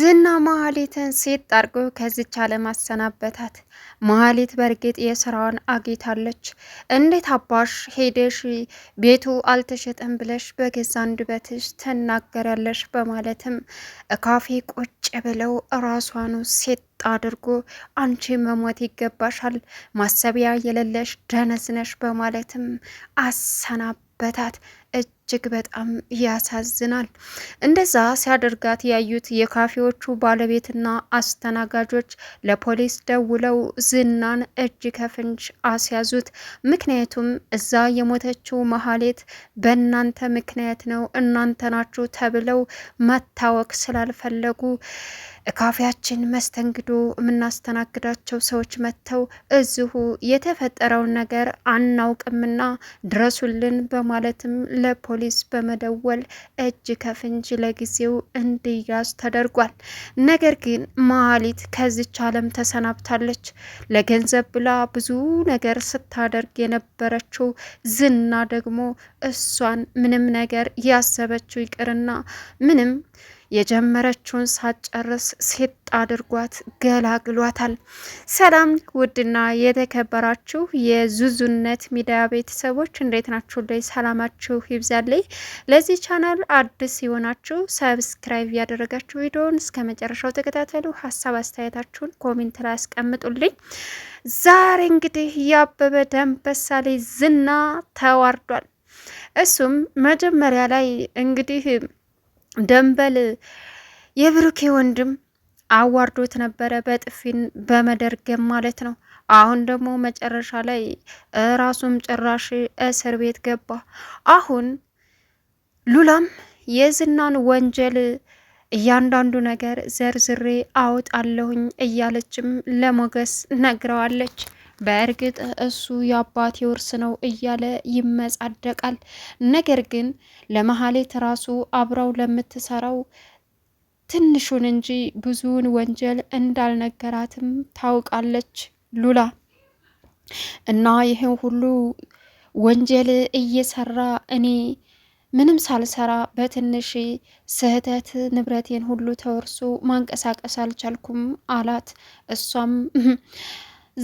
ዝና መሀሊትን ሴት ጣርጎ ከዚች አለም አሰናበታት። መሀሊት በእርግጥ የስራዋን አግኝታለች። እንዴት አባሽ ሄደሽ ቤቱ አልተሸጠም ብለሽ በገዛ አንደበትሽ ትናገሪያለሽ? በማለትም ካፌ ቁጭ ብለው ራሷኑ ሴት አድርጎ አንቺ መሞት ይገባሻል፣ ማሰቢያ የሌለሽ ደነዝነሽ በማለትም አሰናበታት። እጅግ በጣም ያሳዝናል። እንደዛ ሲያደርጋት ያዩት የካፌዎቹ ባለቤትና አስተናጋጆች ለፖሊስ ደውለው ዝናን እጅ ከፍንጅ አስያዙት። ምክንያቱም እዛ የሞተችው መሀሌት በእናንተ ምክንያት ነው እናንተ ናችሁ ተብለው መታወቅ ስላልፈለጉ ካፌያችን መስተንግዶ የምናስተናግዳቸው ሰዎች መጥተው እዚሁ የተፈጠረውን ነገር አናውቅምና ድረሱልን በማለትም ለፖሊስ በመደወል እጅ ከፍንጅ ለጊዜው እንዲያዝ ተደርጓል። ነገር ግን መሀሊት ከዚች ዓለም ተሰናብታለች። ለገንዘብ ብላ ብዙ ነገር ስታደርግ የነበረችው ዝና ደግሞ እሷን ምንም ነገር ያሰበችው ይቅርና ምንም የጀመረችውን ሳትጨርስ ሴት አድርጓት ገላግሏታል። ሰላም ውድና የተከበራችሁ የዙዙነት ሚዲያ ቤተሰቦች እንዴት ናችሁ? ላይ ሰላማችሁ ይብዛልኝ። ለዚህ ቻናል አዲስ የሆናችሁ ሰብስክራይብ ያደረጋችሁ ቪዲዮን እስከ መጨረሻው ተከታተሉ። ሀሳብ አስተያየታችሁን ኮሜንት ላይ አስቀምጡልኝ። ዛሬ እንግዲህ ያበበ ደንበሳ ላይ ዝና ተዋርዷል። እሱም መጀመሪያ ላይ እንግዲህ ደንበል የብሩኬ ወንድም አዋርዶት ነበረ፣ በጥፊን በመደርገም ማለት ነው። አሁን ደግሞ መጨረሻ ላይ ራሱም ጭራሽ እስር ቤት ገባ። አሁን ሉላም የዝናን ወንጀል እያንዳንዱ ነገር ዘርዝሬ አውጣለሁኝ እያለችም ለሞገስ ነግረዋለች። በእርግጥ እሱ የአባቴ ውርስ ነው እያለ ይመጻደቃል። ነገር ግን ለመሀሌት ራሱ አብረው ለምትሰራው ትንሹን እንጂ ብዙውን ወንጀል እንዳልነገራትም ታውቃለች ሉላ እና ይህን ሁሉ ወንጀል እየሰራ እኔ ምንም ሳልሰራ በትንሽ ስህተት ንብረቴን ሁሉ ተወርሶ ማንቀሳቀስ አልቻልኩም አላት። እሷም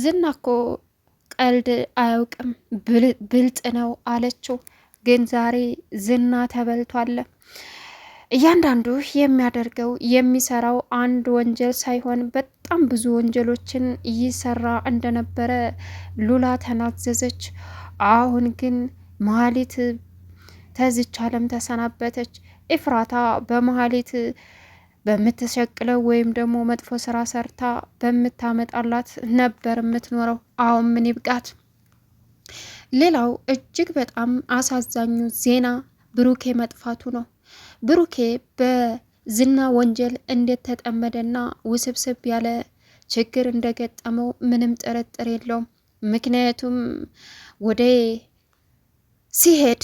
ዝና እኮ ቀልድ አያውቅም ብልጥ ነው አለችው። ግን ዛሬ ዝና ተበልቷል። እያንዳንዱ የሚያደርገው የሚሰራው አንድ ወንጀል ሳይሆን በጣም ብዙ ወንጀሎችን ይሰራ እንደነበረ ሉላ ተናዘዘች። አሁን ግን መሀሊት ተዝቻለም ተሰናበተች። ኢፍራታ በመሀሊት በምትሸቅለው ወይም ደግሞ መጥፎ ስራ ሰርታ በምታመጣላት ነበር የምትኖረው። አሁን ምን ይብቃት። ሌላው እጅግ በጣም አሳዛኙ ዜና ብሩኬ መጥፋቱ ነው። ብሩኬ በዝና ወንጀል እንዴት ተጠመደና ውስብስብ ያለ ችግር እንደገጠመው ምንም ጥርጥር የለውም። ምክንያቱም ወደ ሲሄድ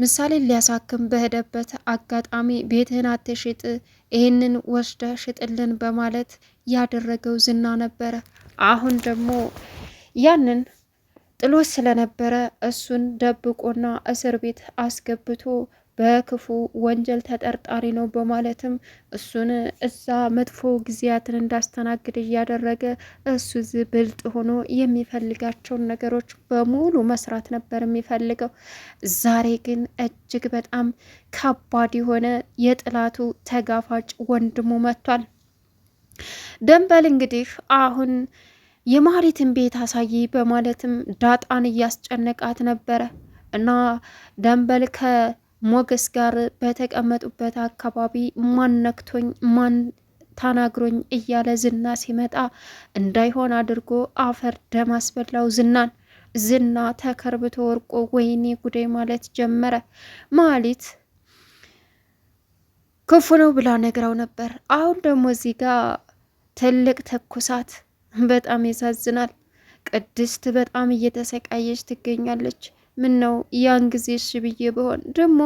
ምሳሌን ሊያሳክም በሄደበት አጋጣሚ ቤትህን አትሽጥ፣ ይህንን ወስደ ሽጥልን በማለት ያደረገው ዝና ነበረ። አሁን ደግሞ ያንን ጥሎት ስለነበረ እሱን ደብቆና እስር ቤት አስገብቶ በክፉ ወንጀል ተጠርጣሪ ነው በማለትም እሱን እዛ መጥፎ ጊዜያትን እንዳስተናግድ እያደረገ እሱ ብልጥ ሆኖ የሚፈልጋቸውን ነገሮች በሙሉ መስራት ነበር የሚፈልገው። ዛሬ ግን እጅግ በጣም ከባድ የሆነ የጥላቱ ተጋፋጭ ወንድሙ መጥቷል። ደንበል እንግዲህ አሁን የማሪትን ቤት አሳይ በማለትም ዳጣን እያስጨነቃት ነበረ እና ደንበል ከ ሞገስ ጋር በተቀመጡበት አካባቢ ማን ነክቶኝ ማን ታናግሮኝ እያለ ዝና ሲመጣ እንዳይሆን አድርጎ አፈር ደም አስበላው ዝናን። ዝና ተከርብቶ ወርቆ ወይኔ ጉዴ ማለት ጀመረ። ማሊት ክፉ ነው ብላ ነግራው ነበር። አሁን ደግሞ እዚህ ጋ ትልቅ ተኩሳት። በጣም ያሳዝናል። ቅድስት በጣም እየተሰቃየች ትገኛለች። ምን ነው ያን ጊዜ እሺ ብዬ በሆን ደግሞ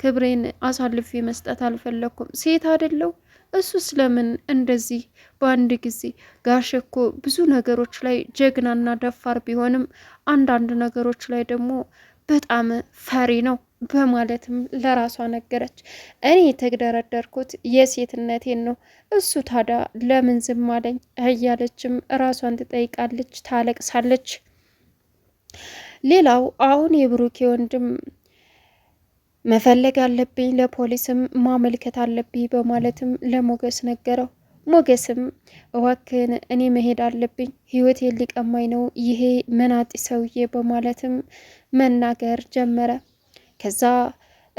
ክብሬን አሳልፌ መስጠት አልፈለግኩም። ሴት አይደለው እሱ ስለምን እንደዚህ በአንድ ጊዜ ጋሽ እኮ ብዙ ነገሮች ላይ ጀግናና ደፋር ቢሆንም አንዳንድ ነገሮች ላይ ደግሞ በጣም ፈሪ ነው በማለትም ለራሷ ነገረች። እኔ የተግደረደርኩት የሴትነቴን ነው፣ እሱ ታዲያ ለምን ዝም አለኝ እያለችም ራሷን ትጠይቃለች፣ ታለቅሳለች። ሌላው አሁን የብሩኬ ወንድም መፈለግ አለብኝ፣ ለፖሊስም ማመልከት አለብኝ በማለትም ለሞገስ ነገረው። ሞገስም እዋክን እኔ መሄድ አለብኝ፣ ህይወቴን ሊቀማኝ ነው ይሄ መናጢ ሰውዬ በማለትም መናገር ጀመረ። ከዛ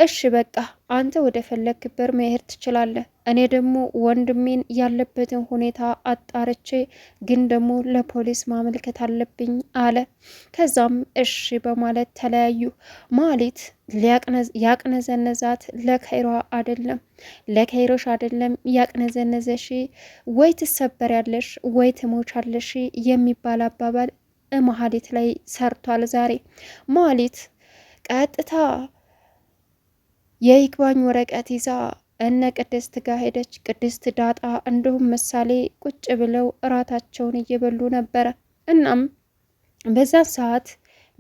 እሺ በቃ አንተ ወደ ክበር መሄድ ትችላለህ እኔ ደግሞ ወንድሜን ያለበትን ሁኔታ አጣርቼ ግን ደግሞ ለፖሊስ ማመልከት አለብኝ አለ። ከዛም እሺ በማለት ተለያዩ። ማሊት ያቅነዘነዛት ለከይሯ አይደለም ለከይሮሽ አይደለም ያቅነዘነዘሽ፣ ወይ ትሰበር ያለሽ ወይ ትሞቻለሽ የሚባል አባባል መሀሊት ላይ ሰርቷል። ዛሬ ማሊት ቀጥታ የይግባኝ ወረቀት ይዛ እነ ቅድስት ጋር ሄደች። ቅድስት ዳጣ እንዲሁም ምሳሌ ቁጭ ብለው እራታቸውን እየበሉ ነበረ። እናም በዛ ሰዓት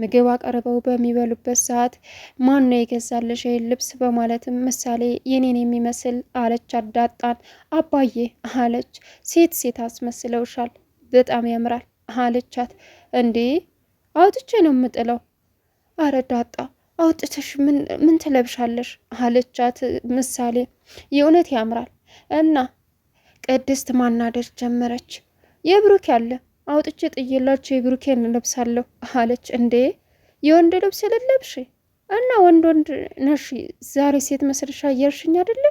ምግብ አቀርበው በሚበሉበት ሰዓት ማን ነው የገዛልሽ ልብስ በማለትም ምሳሌ የኔን የሚመስል አለች አዳጣን። አባዬ አለች። ሴት ሴት አስመስለውሻል፣ በጣም ያምራል አለቻት። እንዴ አውጥቼ ነው የምጥለው። አረ ዳጣ አውጥተሽ ምን ትለብሻለሽ አለቻት ምሳሌ። የእውነት ያምራል እና ቅድስት ማናደር ጀመረች። የብሩክ ያለ አውጥቼ ጥዬላቸው የብሩኬን እንለብሳለሁ አለች። እንዴ የወንድ ልብስ ልለብሽ እና ወንድ ወንድ ነሽ ዛሬ ሴት መስልሻ እያልሽኝ አይደለ?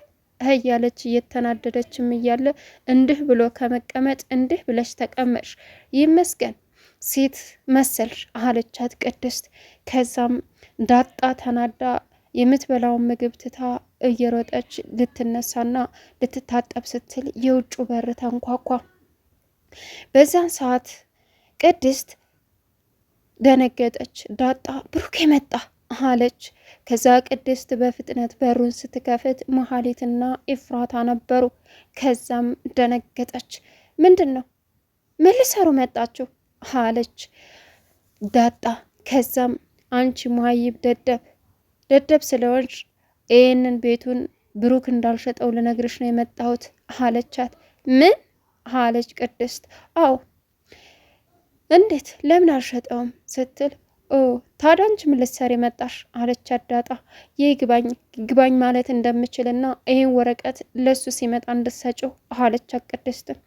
እያለች እየተናደደችም እያለ እንድህ ብሎ ከመቀመጥ እንድህ ብለሽ ተቀመጥሽ ይመስገን ሴት መሰልሽ አለቻት ቅድስት። ከዛም ዳጣ ተናዳ የምትበላውን ምግብ ትታ እየሮጠች ልትነሳና ልትታጠብ ስትል የውጩ በር ተንኳኳ። በዚያን ሰዓት ቅድስት ደነገጠች። ዳጣ ብሩኬ መጣ አለች። ከዛ ቅድስት በፍጥነት በሩን ስትከፍት መሀሊትና ኢፍራታ ነበሩ። ከዛም ደነገጠች። ምንድን ነው ምን ልሰሩ መጣችሁ? አለች ዳጣ። ከዛም አንቺ መሀይብ ደደብ ደደብ ስለሆንሽ ይህንን ቤቱን ብሩክ እንዳልሸጠው ልነግርሽ ነው የመጣሁት አለቻት። ምን አለች ቅድስት? አዎ እንዴት ለምን አልሸጠውም ስትል ኦ ታዲያ አንቺ ምን ልትሰሪ መጣሽ? አለቻት ዳጣ። ይግባኝ ግባኝ ማለት እንደምችልና ይህን ወረቀት ለሱ ሲመጣ እንድትሰጪው አለቻት ቅድስትም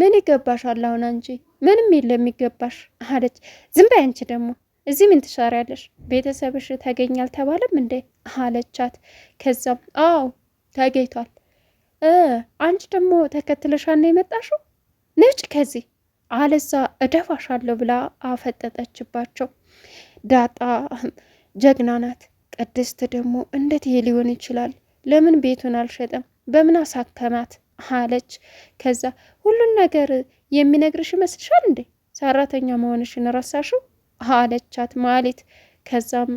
ምን ይገባሻል አሁን አንቺ? ምንም የለም የሚገባሽ አለች። ዝም በይ አንቺ ደግሞ እዚህ ምን ትሰሪያለሽ? ቤተሰብሽ ተገኛል ተባለም እንዴ አለቻት። ከዛም አዎ ተገኝቷል። አንቺ ደግሞ ተከትለሻና የመጣሽው ነጭ ከዚህ አለዛ እደፋሻለሁ ብላ አፈጠጠችባቸው። ዳጣ ጀግና ናት። ቅድስት ደግሞ እንዴት ይሄ ሊሆን ይችላል? ለምን ቤቱን አልሸጠም? በምን አሳከማት? አለች። ከዛ ሁሉን ነገር የሚነግርሽ ይመስልሻል እንዴ? ሰራተኛ መሆንሽን ረሳሽው? አለቻት ማሌት። ከዛም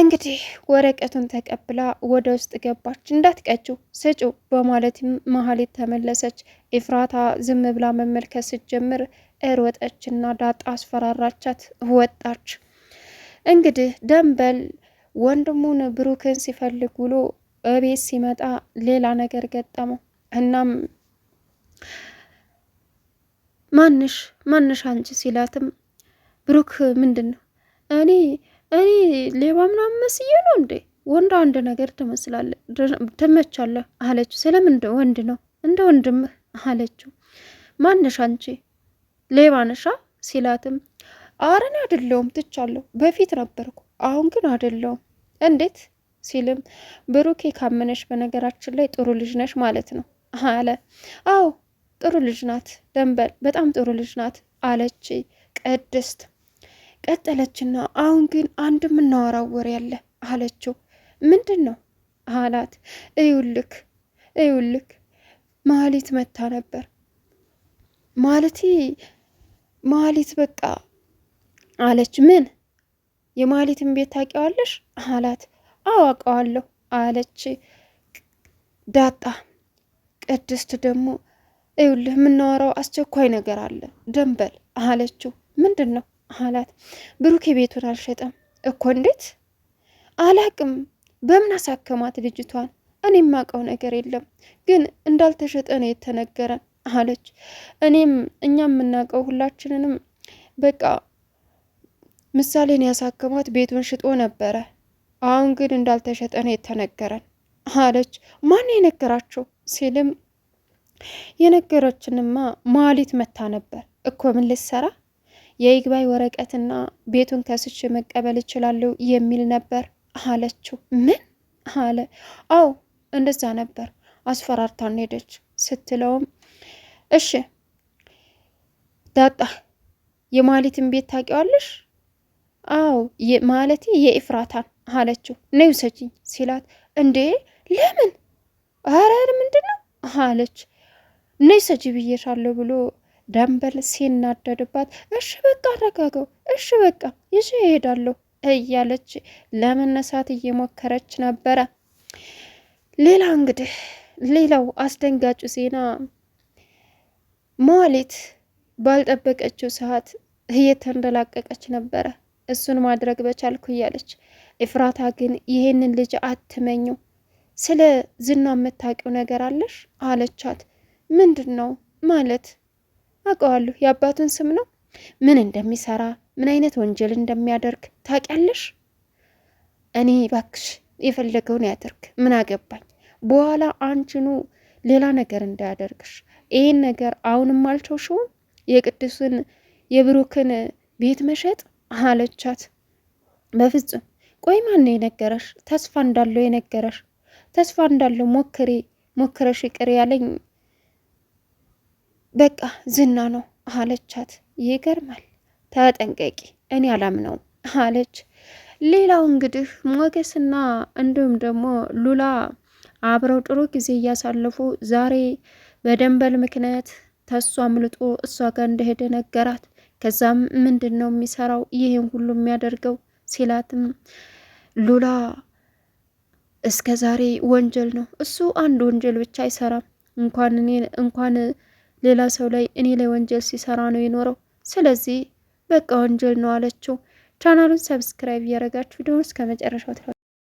እንግዲህ ወረቀቱን ተቀብላ ወደ ውስጥ ገባች። እንዳትቀጭው ስጩ በማለት መሀሌት ተመለሰች። ኢፍራታ ዝም ብላ መመልከት ስትጀምር እርወጠችና ዳጣ አስፈራራቻት። ወጣች። እንግዲህ ደንበል ወንድሙን ብሩክን ሲፈልግ ውሎ እቤት ሲመጣ ሌላ ነገር ገጠመው። እናም ማንሽ ማንሽ አንቺ ሲላትም ብሩክ ምንድን ነው እኔ እኔ ሌባ ምናምን መስዬ ነው እንዴ? ወንድ አንድ ነገር ትመስላለህ ትመቻለህ አለችው። ስለምን ወንድ ነው እንደ ወንድምህ አለችው። ማንሽ አንቺ ሌባ ነሻ ሲላትም አረን አደለውም ትቻለሁ። በፊት ነበርኩ አሁን ግን አደለውም። እንዴት ሲልም ብሩኬ ካመነሽ በነገራችን ላይ ጥሩ ልጅ ነሽ ማለት ነው አለ። አዎ ጥሩ ልጅ ናት ደንበል፣ በጣም ጥሩ ልጅ ናት አለች ቅድስት። ቀጠለችና አሁን ግን አንድ የምናወራው ወሬ ያለ አለችው። ምንድን ነው አላት። እዩልክ እዩልክ ማሊት መታ ነበር ማለቴ ማሊት በቃ አለች። ምን የማሊትን ቤት ታውቂዋለሽ? አላት አዋቀዋለሁ አለች ዳጣ። ቅድስት ደግሞ ይኸውልህ የምናወራው አስቸኳይ ነገር አለ ደንበል አለችው። ምንድን ነው አላት። ብሩኬ ቤቱን አልሸጠም እኮ። እንዴት አላቅም። በምን አሳከማት ልጅቷን? እኔ የማውቀው ነገር የለም ግን እንዳልተሸጠ ነው የተነገረን አለች። እኔም እኛም የምናውቀው ሁላችንንም በቃ ምሳሌን ያሳከማት ቤቱን ሽጦ ነበረ አሁን ግን እንዳልተሸጠ ነው የተነገረን አለች። ማን የነገራችሁ ሲልም የነገረችንማ ማሊት መታ ነበር እኮ ምን ልሰራ የይግባይ ወረቀትና ቤቱን ከስች መቀበል እችላለሁ የሚል ነበር አለችው። ምን አለ? አዎ እንደዛ ነበር አስፈራርታን ሄደች ስትለውም እሺ ዳጣ የማሊትን ቤት ታውቂዋለሽ? አዎ ማለቴ የኢፍራታን አለችው። ነይ ውሰጂኝ ሲላት እንዴ ለምን አረር ምንድን ነው አለች። ነይ ውሰጂ ብዬሻለሁ ብሎ ደንበል ሲናደድባት እሺ በቃ አረጋገው፣ እሺ በቃ ይዤ እሄዳለሁ እያለች ለመነሳት እየሞከረች ነበረ። ሌላ እንግዲህ ሌላው አስደንጋጩ ዜና መዋሌት ባልጠበቀችው ሰዓት እየተንደላቀቀች ነበረ። እሱን ማድረግ በቻልኩ እያለች ኤፍራታ ግን ይሄንን ልጅ አትመኘው፣ ስለ ዝና የምታውቂው ነገር አለሽ አለቻት። ምንድን ነው ማለት? አውቀዋለሁ የአባቱን ስም ነው። ምን እንደሚሰራ ምን አይነት ወንጀል እንደሚያደርግ ታውቂያለሽ? እኔ ባክሽ የፈለገውን ያደርግ ምን አገባኝ። በኋላ አንችኑ ሌላ ነገር እንዳያደርግሽ። ይህን ነገር አሁንም አልተውሽውም። የቅዱስን የብሩክን ቤት መሸጥ አለቻት። በፍጹም ቆይ፣ ማን ነው የነገረሽ? ተስፋ እንዳለው የነገረሽ? ተስፋ እንዳለው ሞክሬ ሞክረሽ ይቅር ያለኝ በቃ ዝና ነው አለቻት። ይገርማል። ተጠንቀቂ፣ እኔ አላምነውም አለች። ሌላው እንግዲህ ሞገስና እንዲሁም ደግሞ ሉላ አብረው ጥሩ ጊዜ እያሳለፉ ዛሬ በደንበል ምክንያት ተሷ አምልጦ እሷ ጋር እንደሄደ ነገራት። ከዛም ምንድን ነው የሚሰራው ይህን ሁሉ የሚያደርገው ሲላትም ሉላ እስከ ዛሬ ወንጀል ነው እሱ አንድ ወንጀል ብቻ አይሰራም። እንኳን እኔ እንኳን ሌላ ሰው ላይ እኔ ላይ ወንጀል ሲሰራ ነው የኖረው። ስለዚህ በቃ ወንጀል ነው አለችው። ቻናሉን ሰብስክራይብ እያደረጋችሁ ቪዲዮውን እስከ መጨረሻው